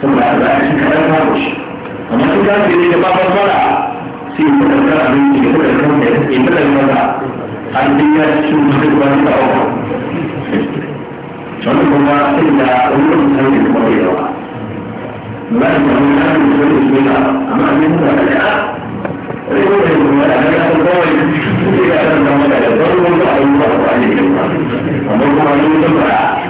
sun ba za a ci kaɗan babu shi amma sun ka ce da babar fara sai ya fitar kan abinci ya fitar kan da ya fitar maza an bin ya ci sun fitar ba su kawo wani kuma sai da wani mutane da kuma yawa ba su da kan da su ne na amma abin da ka da ko da kuma da ya san kawai sai ya ne da wani da wani wani abubuwa ko an yi amma kuma ne da ba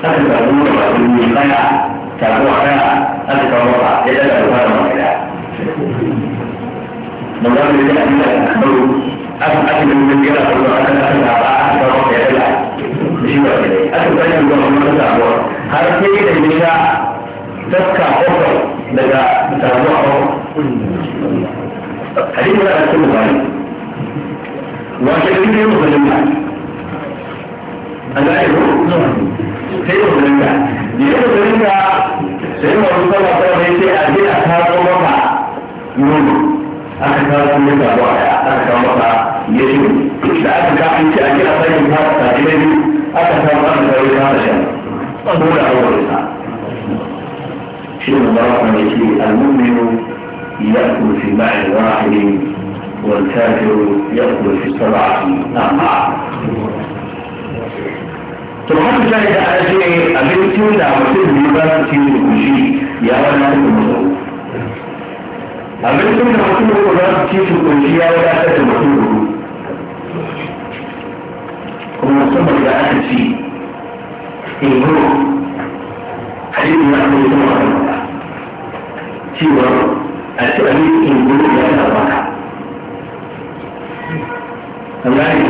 saka ga ruwa ba su ne kaya taguwa kaya aka kawo ba ya daga ruwa da makara da za mu yi da abin da kabaru aka aka da mutum yana da ruwa aka aka da ba aka kawo ba ya daga shi ba ke dai aka kawo ruwa kuma ta taguwa har sai da gida tafka bakwai daga taguwa bakwai hadisi na cikin bukari wa shi ne musulmi an ga ayyuka sai mu rinka da yau mu rinka sai mu rinka ba ta mai sai a je a kawo maka nono aka kawo mun da ba ya aka kawo maka yesu da aka kawo an ce a je a sai ka ta da biyu aka kawo an da ya fara shan ko da aure sa shi ne ba ku ne shi al-mu'minu ya'kulu fi ma'in wahidin والكافر يأكل في السبعة أمعاء to haka sai da a ce abincin da mutum ne ba su ci da kushi ya wadatar da mutum abincin da mutum ne ba su ci da kushi ya wadatar da mutum kuma musamman da aka ci ego hadisi ya kuma yi kuma cewa a ci abincin ego ya wadatar da mutum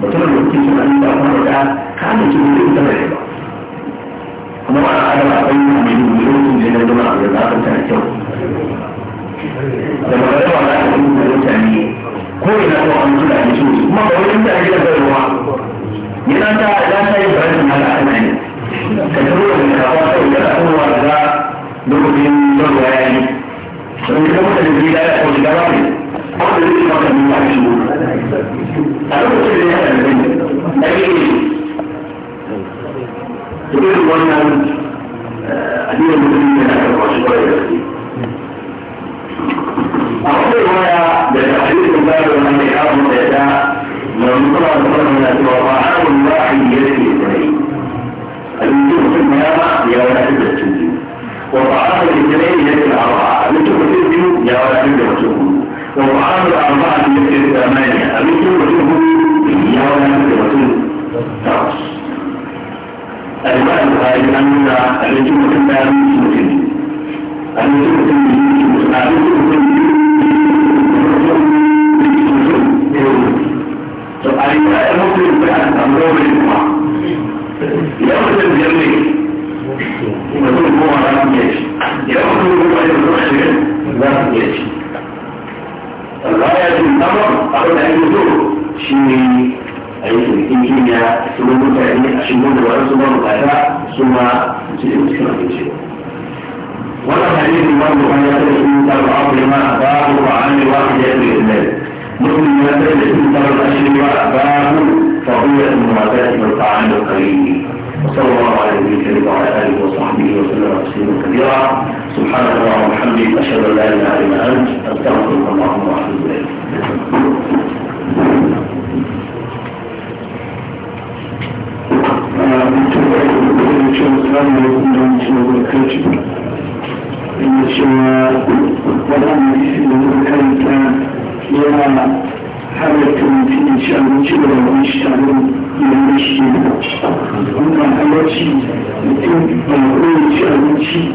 mutum da yake suna da kuma da kana ci da ita ne ba kuma ba a da akwai mai mutum da ya zama da za ka da kyau da ba da ba da kuma da mutane ko ina ko an tura da shi kuma ba wani da ake da ruwa yana ta ya sai ba da mala ana ka turo da ka sai da ruwa da lokacin da ruwa yayi sun kuma da gida ko da ba ne بعض الناس فقط من العشرين أعرف كل هذا البني لكن أقول وانا بالتحديد من باب المنحة واحد يدي bayan an nuna alaƙin mutum da yaran su mutum alaƙin mutum da yaran su mutum alaƙin mutum to a yi ra'ayin mutum da a samu rawar kuma yau da biyar ne mutum kowa za su iya shi yau da kuma yau da shirin za su iya shi Allah ya ce, "Amma abin da ake so shi ne a yi cikin kimiyya su ne mutane a shigo da wani su ba bukata su ma su cikin cikin abinci wannan hadisi ba mu kan ya tare shi ta ba abu ma ba mu ba an ne wa ku ya tare da mutum ya tare da shi ta ba shi ba ba mu fa huwa al-mu'adati wal ta'an al-qalili وصلى الله على نبينا وعلى اله وصحبه وسلم تسليما كثيرا سبحانك اللهم وبحمدك اشهد ان لا اله الا انت استغفرك اللهم واتوب اليك ina cewa waɗanda isi da muka karanta yana halatta mutum ya ci abinci da wani shi tare da shi ne. Wannan halarci mutum ba kawai ci abinci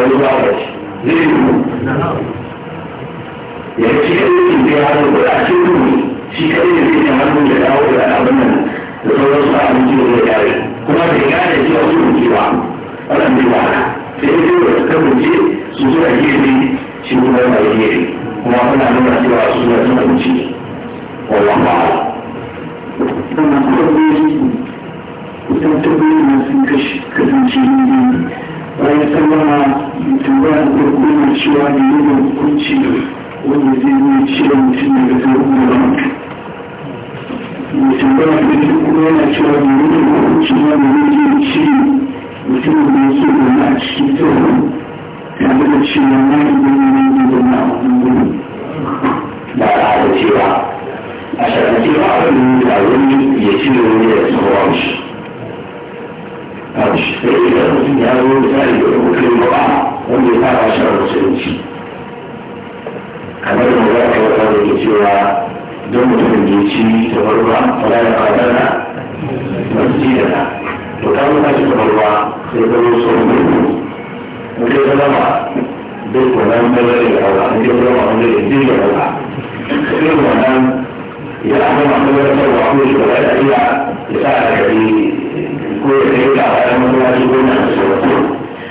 wani ba ba shi zai yi ya ci da ya hannu da a cikin rumi shi kadai da hannu da dawo da abin nan da sauran su abinci da zai dare kuma bai gane cewa su rumi ba wannan bai ba sai dai da suka rumi su zuwa gefe shi kuma yana gefe kuma kuna nuna cewa su zuwa sun abinci wallan ba sannan kuma bai yi idan ta bai yi kasance bayan sallama tambayar farko na cewa da yin hukunci wanda zai yi cewa mutum zai da ke kuma yana cewa da hukunci da ce mutum da gona a cikin cewa na ci kamar da za ka yi kawai da cewa don mutumin da ya ci da barba fara da fadana to ta muka ci ta barba sai ta yi so ne mu ke ta zama duk wannan bangare da hawa an dai zama wanda ya ji da hawa irin wannan ya amma bangare da hawa ne da ya iya ya sa da gari ko ya kai da hawa da mutuwa ko na da sauransu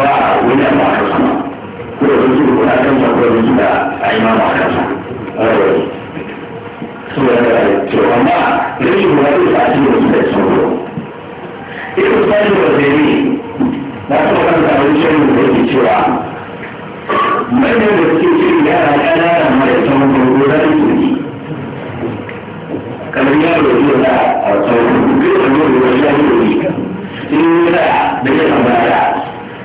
ba wani abu a kansa ko da wani zuwa kuna kansa ko da zuwa a imamu a kansa saboda da to amma rashin ruwa zai sa shi da su da sauro irin sani da zai na kuma kan samun shirin da yake cewa manyan da suke shirin yara ƙanana mara tsawon gobe za su yi kamar yaro da da a tsawon gobe da yau da yau da yau da yau da yau da yau da da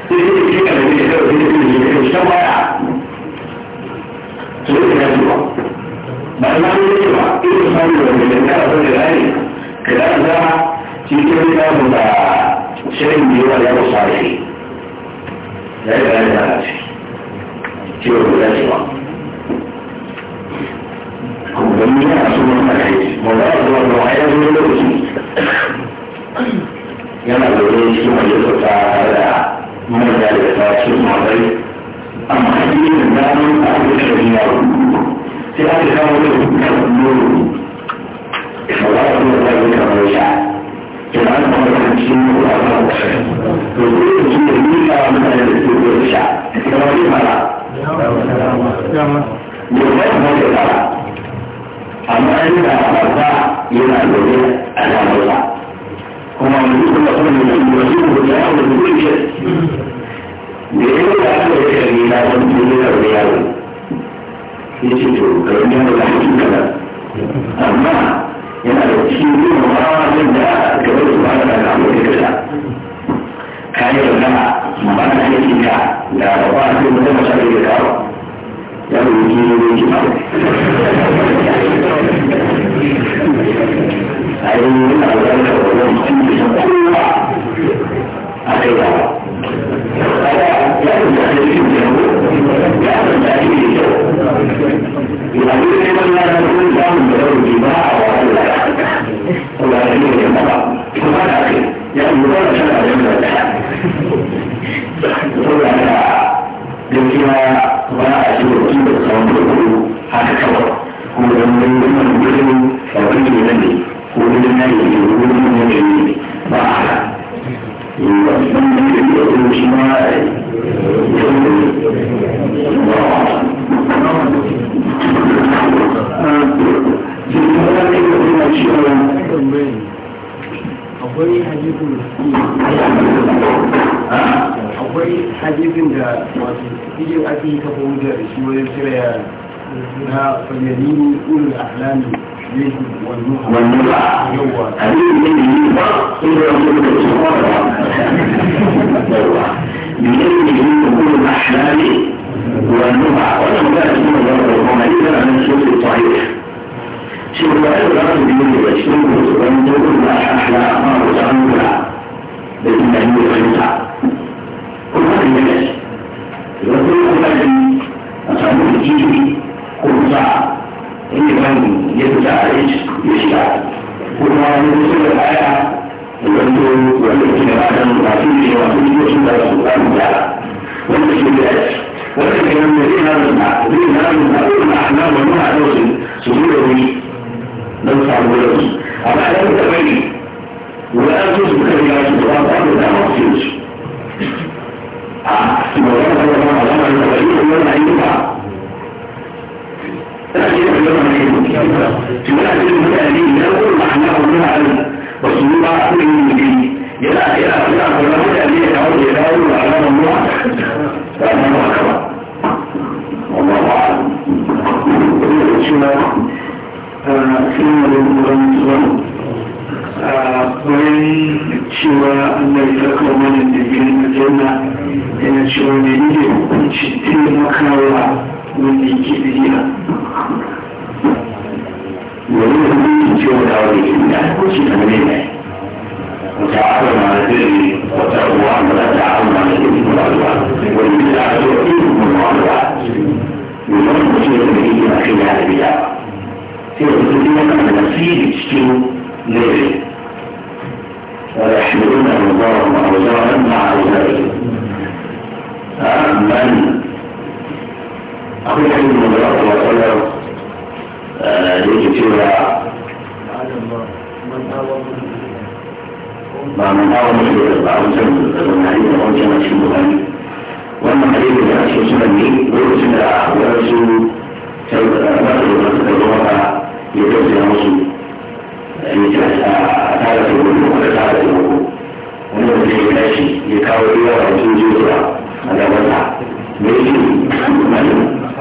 sai yi shi ne da ya kawo da ya kawo waya su ne ya zuwa ba na yi ne ba irin samun da ya kawo da ya ka da za cikin ya mu da shirin biyuwa ya wasu a shi ya yi da ya da shi ciwo da ya zuwa domin yana so mun kai mun da zuwa da wayar zuwa lokaci yana da wani shi mai yasa ta da من ذلك لا شيء عليه أما حديث النار أهل الشريعة في هذه الأول كالنور فلا يكون ذلك الرجع كما أنه الحكيم والأرض وكل شيء لي من أهل الرجع كما في ملا يوم يوم أما إذا أردت إلى الرجع أنا ملا ومن يقول لكم أن الرجل يحول بكل شيء ya san cikin rauni yaro ya ce to rauni yaro ya haƙi kaza amma yana da cikin yin ma'amalin da gaba da ba da alamu da kaza kayan da ba na yake ka da ba ba sai mutum mace da kawo ya ke yi ne ki ba a yi yana da wani yi wani cikin kowa a kai yawa ìyàwó ilé wọn lára ló ń dáhùn lọ́wọ́ والنوع هذه من النوع إذا أقول لك من علمه الأحلام والنوع ولم لا تكون له الرمالية شوف الرأي الأرض بيقول لك شنو وأن كل هذا يجلس يقول لك أصابه الجيل كل liman ya fita a yi ya shiga kuma wani sun da kaya wanda wanda ke da matan masu yi ne masu yi sun da su ba su gyara wanda ke da yaci wanda ke nan da zai na zai na zai na zai na na من يجيبها ومن يجيبها ويجيبها كل منها وتعاون على البر والتقوى ولا تعاون على الاثم والعدوان والبدعة والإثم والعدوان ومن يجيبها ويجيبها خلال البدعة في وجودنا أن نسيب تشتم ليه ويحملون أوزارهم أوزارا مع أوزارهم من akwai kan yi da kuma wasallar eh, da yake cewa ba mun dawo mutu da ba a mutum da zama yi da wancan a cikin bukari wannan hadisi da ake suna ne lokacin da wasu sarkar da wasu da ruwa ba ya tausaya musu eh, ya ce ah, a tara da wani kuma da tara da wani wanda mutum ya tashi ya kawo ruwa a cikin jiya a gabansa me yake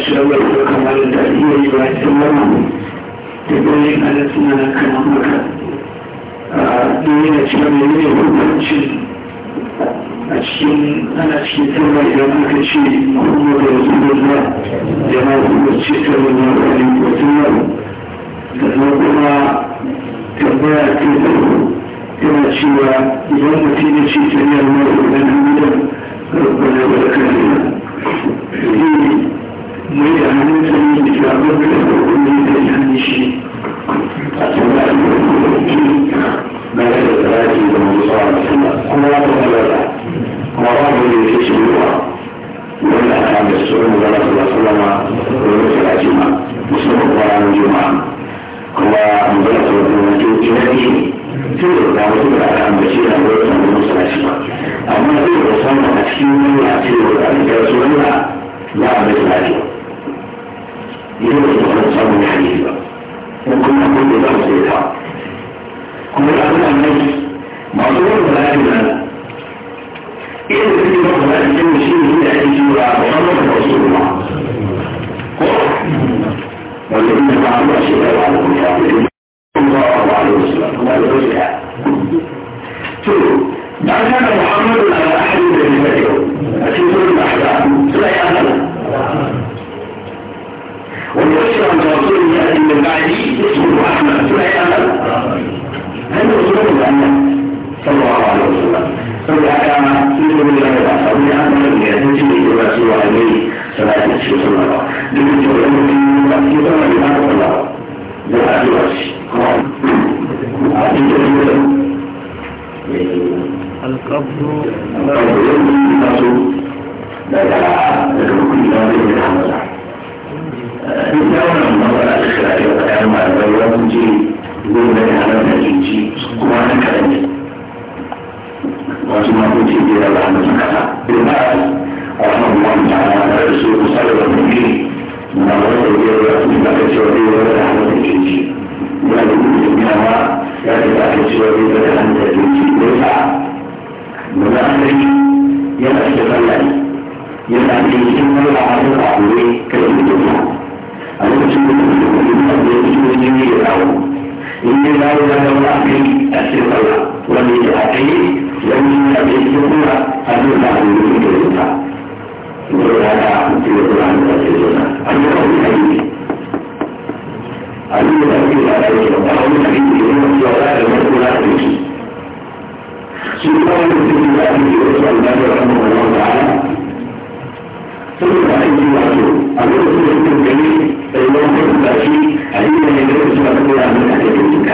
shawar da kamar da iya yi ba cikin wannan da bayan ana suna na kamar maka a cewa mai ne hukunci a cikin ana cikin tsirma idan aka ce kuma da wasu gudunma da ma kuma ce ta wani wani wasu yau sannan kuma tambaya ta yana cewa idan mutum ya ce ta yi almar da gidan rukunan da aka yi mai da hankali da shafi da kuma da yanzu shi a tsakanin yanzu na yadda da zaki da musa da suna kuma ya kuma kuma ba da yake shi ruwa wanda aka da sunan da rasu da sulama da wani talaci ma musamman kuma ranar juma'a kuma mu zama tsakanin yanzu tunani tun da ba wasu da aka ambaci da wani tsakanin musa da shi ba amma zai da samun a cikin wani a cikin wani a cikin wani a za a bai lafiya يجب ان يكون من حديث ممكن اقول له بعض الاسحاق كل اقول عن نفسي معصوم ولا اجمل ايه اللي في بعض هذا الجن شيء من اهل محمد رسول الله والذين فعلوا اشياء وعلوا الكافرين الله عليه وسلم قال رجع شوفوا ما كان محمد على احد من الفجر في سوره الاحزاب لا يعلم والمشهور عن رسول يأتي من بعده اسمه أحمد فلا يأمن هل رسول الله صلى الله عليه وسلم فلهذا يقول الله تعالى أن الذي يجب إلى عليه صلاة الشيخ صلى الله عليه وسلم يقول الله في ثمن الله القبض القبض لا لا لا لا لا لا duk da wannan magana da shi rayuwa ta yi wani ce zai bai halar da jinci kuma an kaɗan الشيخ الألباني رحمه الله تعالى ثم أي وقت أقول لكم جميل فإنه يكون بأشيء أدينا من ذلك سبحانه وتعالى من أحد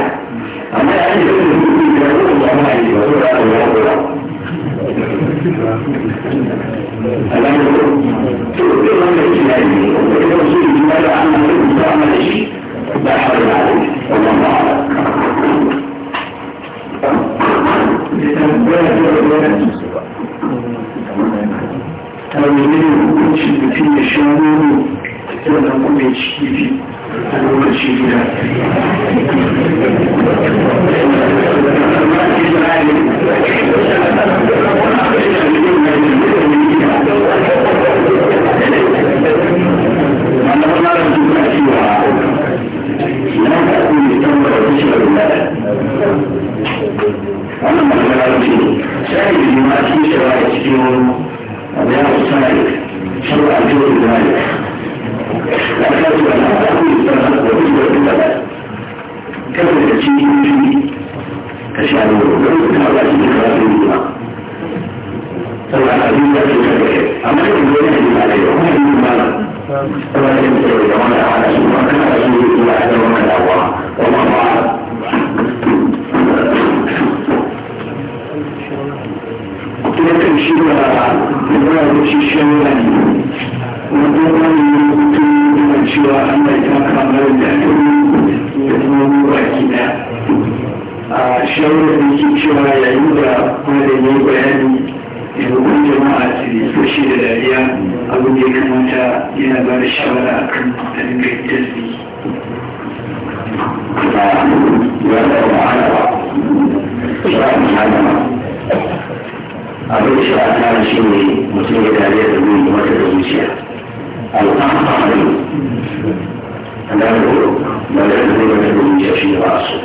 da loro ma le loro comincia a scivolarsi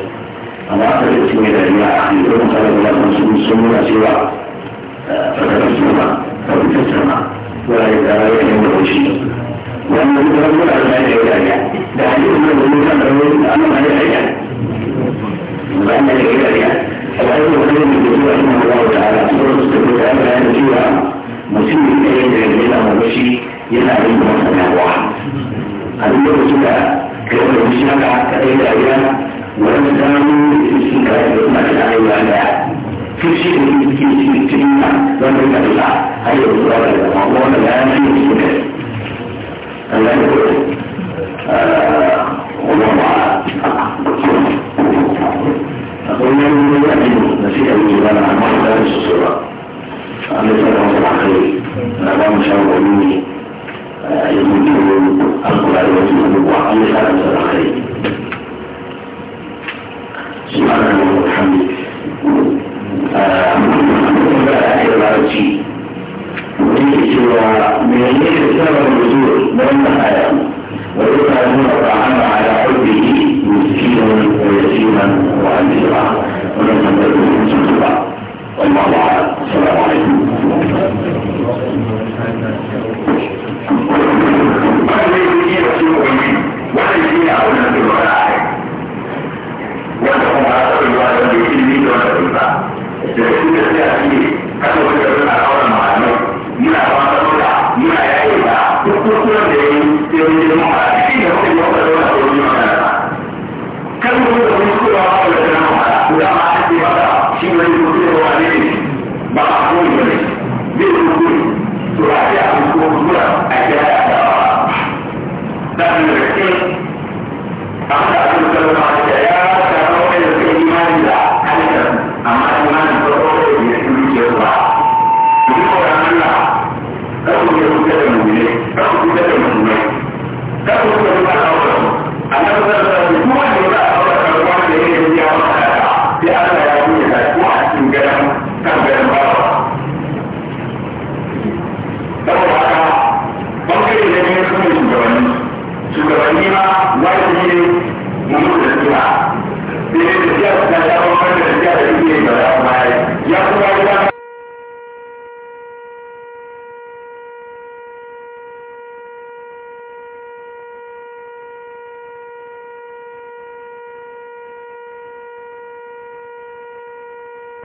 a parte le sue regole di fronte alla consumazione la sua per la sua per la sua ma quella che era la mia vicina quando mi trovo la mia regola da lì non mi trovo la mia regola non mi trovo la mia regola la mia regola la mia regola la mia regola la mia regola la mia regola la mia regola la mia regola la mia regola la mia regola yana yin wata damuwa a duk lokacin da yi wani shi haka ka ɗaya da rayuwa wani da zama mun yi shi ka yi da kuma da rayuwa da duk shi da yake cikin cikin wanda ya da a yau zuwa da zama wanda ya yi